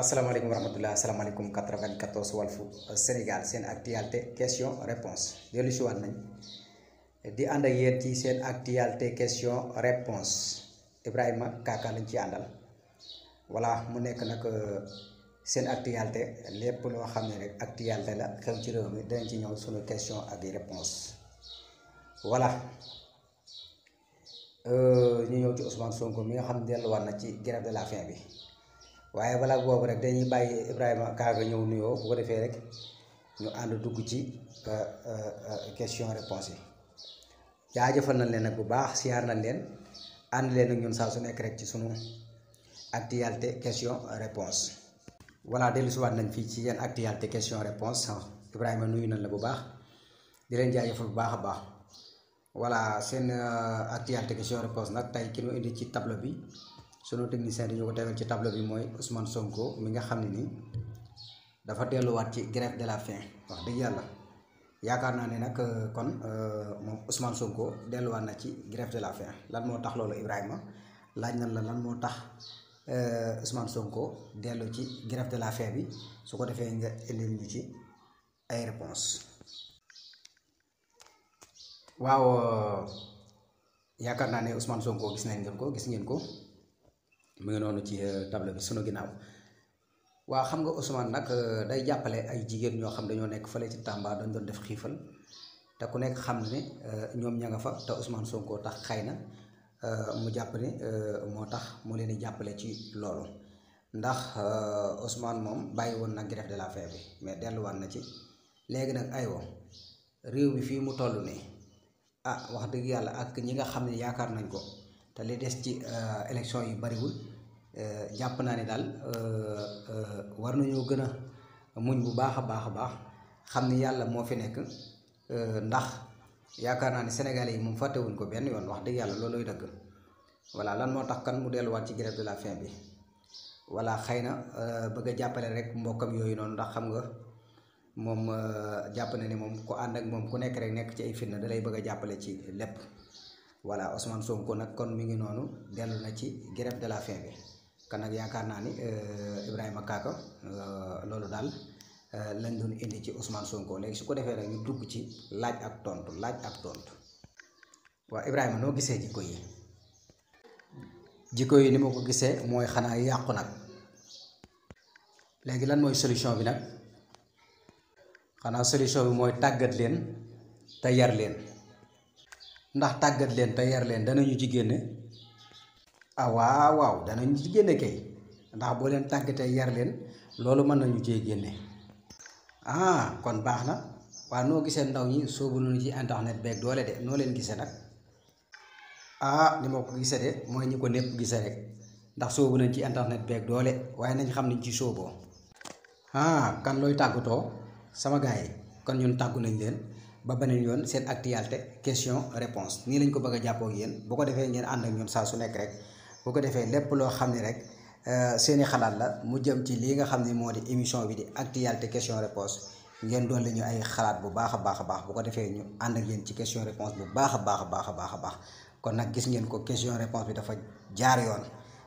asalaamaaleykum wa rahmatulah asalaamaaleykum 94 Walfu euh, Sénégal seen actualité question réponse dellu si waat nañ di ànd ak yéen ci seen actualité question réponse Ibrahima Kaka lañ ci àndal voilà mu nekk nag euh, seen actualité lépp loo xam ne rek actualité la xew ci réew mi dinañ ci ñëw sunu question ak réponse voilà euh, ñu ñëw ci Ousmane Sonko mi nga xam ne delluwaat na ci grève de la faim bi. waaye balaa boobu rek dañuy bàyyi Ibrahima Kaaga ñëw nuyoo bu ko defee rek ñu ànd dugg ci euh, euh, question réponse yi jaajëfal na leen nag bu baax siyaar nañ leen ànd leen ak ñun saa su nekk rek ci sunu actualité question réponse voilà dellu siwaat nañ fii ci yenn actualité question réponse ah, Ibrahima nuyu nañ la bu baax di leen jaajëfal bu baax a baax voilà seen euh, actualité question réponse nag tey ki ñu indi ci tableau bi sunu technicien dañu ko tegal ci tableau bi mooy Ousmane Sonko mi nga xam ni nii dafa delluwaat ci grève de la fin wax dëgg yàlla yaakaar naa ne nag euh, kon euh, moom Ousmane Sonko delluwaat na ci grève de la fin lan moo tax loolu Ibrahima laaj na la lan moo tax euh, Ousmane Sonko dellu ci grève de la faim bi su ko defee nga indil ñu ci ay réponse waaw yaakaar naa ne Ousmane Sonko gis nañ ngeen ko gis ngeen ko. mu ngi noonu ci euh, table bi sunu ginnaaw waa xam nga Ousmane nag euh, day jàppale ay jigéen ñoo xam dañoo nekk fële ci Tamba dañ doon def xiifal te ku nekk xam ne euh, ñoom ña nga fa te Ousmane Sonko tax xay na mu jàpp ne moo tax mu leen di jàppale ci loolu ndax Ousmane moom bàyyi woon na grève de la faim bi mais delluwaat na ci léegi nag aywa réew mi fii mu toll nii ah wax dëgg yàlla ak ñi nga xam ne yaakaar nañ ko te li des ci élection yu bariwul. Eh, jàpp naa ne daal eh, eh, war nañoo gën a muñ bu baax a baax a baax xam ni yàlla moo fi nekk ndax yaakaar naa ni sénégalais yi moom fàttewuñ ko benn yoon wax dëgg yàlla loolooy dëgg voilà lan moo tax kan mu delluwaat ci grève de la faim bi voilà xëy na bëgg jàppale rek mbokkam yooyu noonu ndax xam nga moom jàpp na ni moom ku ànd ak moom ku nekk rek nekk ci ay fitna da bëgg a jàppale ci lépp voilà Ousmane nag kon mu ngi noonu dellu na ci grève de la fin bi. kon nag yaakaar naa ni euh, Ibrahima Kaka euh, loolu daal euh, lañ doon indi ci Ousmane Sonko léegi su ko defee rek ñu dugg ci laaj ak tontu laaj ak tontu waaw Ibrahima noo gisee jikko yi jikko yi ni ma ko gisee mooy xanaa yàqu nag léegi lan mooy solution bi nag xanaa solution bi mooy tàggat leen te yar leen ndax tàggat leen te yar leen danañu ci génne ah waaw waaw danañ ci génne kay ndax boo leen tàggatee yar leen loolu mën nañu cee génne ah kon baax na waaw noo gisee ndaw ñi soobu nañu ci internet beeg doole de noo leen gisee nag ah ni ma ko gisee de ko népp gisee rek ndax soobu nañ ci internet beeg doole waaye nañ xam nañ ci sooboo ah kan looy tàggatoo sama gars yi kon ñun tàggu nañ leen ba beneen yoon seen actualité question réponse nii lañ ko bëgg a jàppoo ak yéen bu ko defee ngeen ànd ak ñun saa su nekk rek boo ko defee lépp loo xam ne rek euh, seeni xalaat la mu jëm ci lii nga xam ne moo di émission bi di actualité question réponse ngeen doon la ñu ay xalaat bu baax a baax a baax bu ko defee ñu ànd ak yéen ci question réponse bu baax a a baax a baax a baax kon nag gis ngeen ko question bi dafa jaar yoon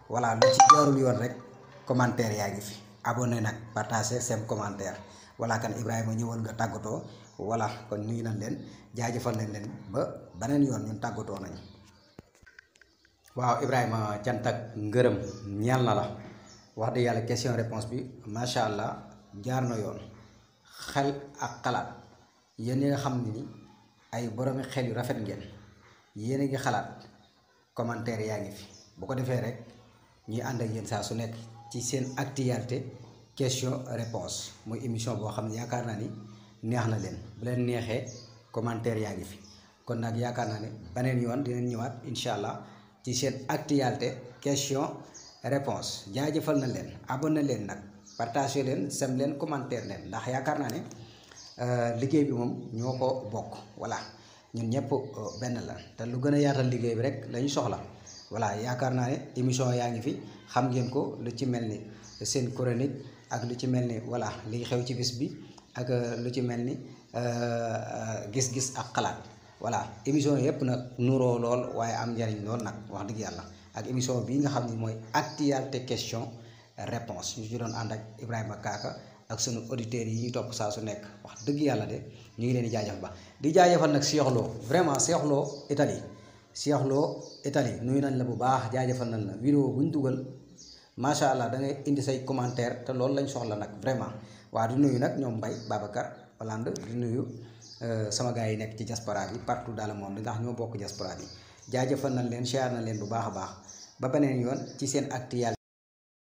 voilà lu ci jaarul yoon rek commentaire yaa ngi fi abonné nag partagé seen commentaire voilà kan Ibrahima ñëwal nga tàggatoo voilà kon nuyu nañ leen jaajëfal nañ leen ba beneen yoon ñun tàggatoo nañ waaw Ibrahima cant ak ngërëm ñeel na la wax dëgg yàlla question réponse bi macha allah jaar na yoon xel ak xalaat yéen ñi nga xam ni ay boroomi xel yu rafet ngeen yéen a ngi xalaat commentaire yaa ngi fi bu ko defee rek ñuy ànd ak yéen saa su nekk ci seen actualité question réponse mooy émission boo xam ne yaakaar naa ni neex na leen bu leen neexee commentaire yaa ngi fi kon nag yaakaar naa ne beneen yoon dinañ ñëwaat incha allah. ci seen actualité question réponse jaajëfal na leen abonné leen nag partagé leen sem leen commentaire leen ndax yaakaar naa ne euh, liggéey bi moom ñoo ko bokk voilà ñun ñëpp euh, benn la te lu gën a yaatal liggéey bi rek lañu soxla voilà yaakaar naa ne émission yaa ngi fi xam ngeen ko lu ci mel ni seen chronique ak lu ci mel ni voilà liy xew ci bis bi ak euh, lu ci mel ni gis-gis ak xalaat voilà émission yëpp nag nuroo lool waaye am njariñ lool nag wax dëgg yàlla ak émission bii nga xam ni mooy actualité question réponse ñu ci doon ànd ak Ibrahima kaaka ak sunu auditeurs yi ñuy topp saa su nekk wax dëgg yàlla de ñu ngi leen di jaajëf ba di jaajëfal nag Cheikh Lo vraiment Cheikh Lo Italie Cheikh Lo Italie nuyu nañ la bu baax jaajëfal nañ la vidéo bu ñu dugal macha allah da indi say commentaire te loolu lañ soxla nag vraiment waa di nuyu nag ñoom Mbaye Babacar Hollande Euh, sama gars yi nekk ci diaspora bi partout dans le monde ndax ñoo bokk diaspora bi jaajëfal nañ leen share na leen bu baax a baax ba beneen yoon ci seen actualité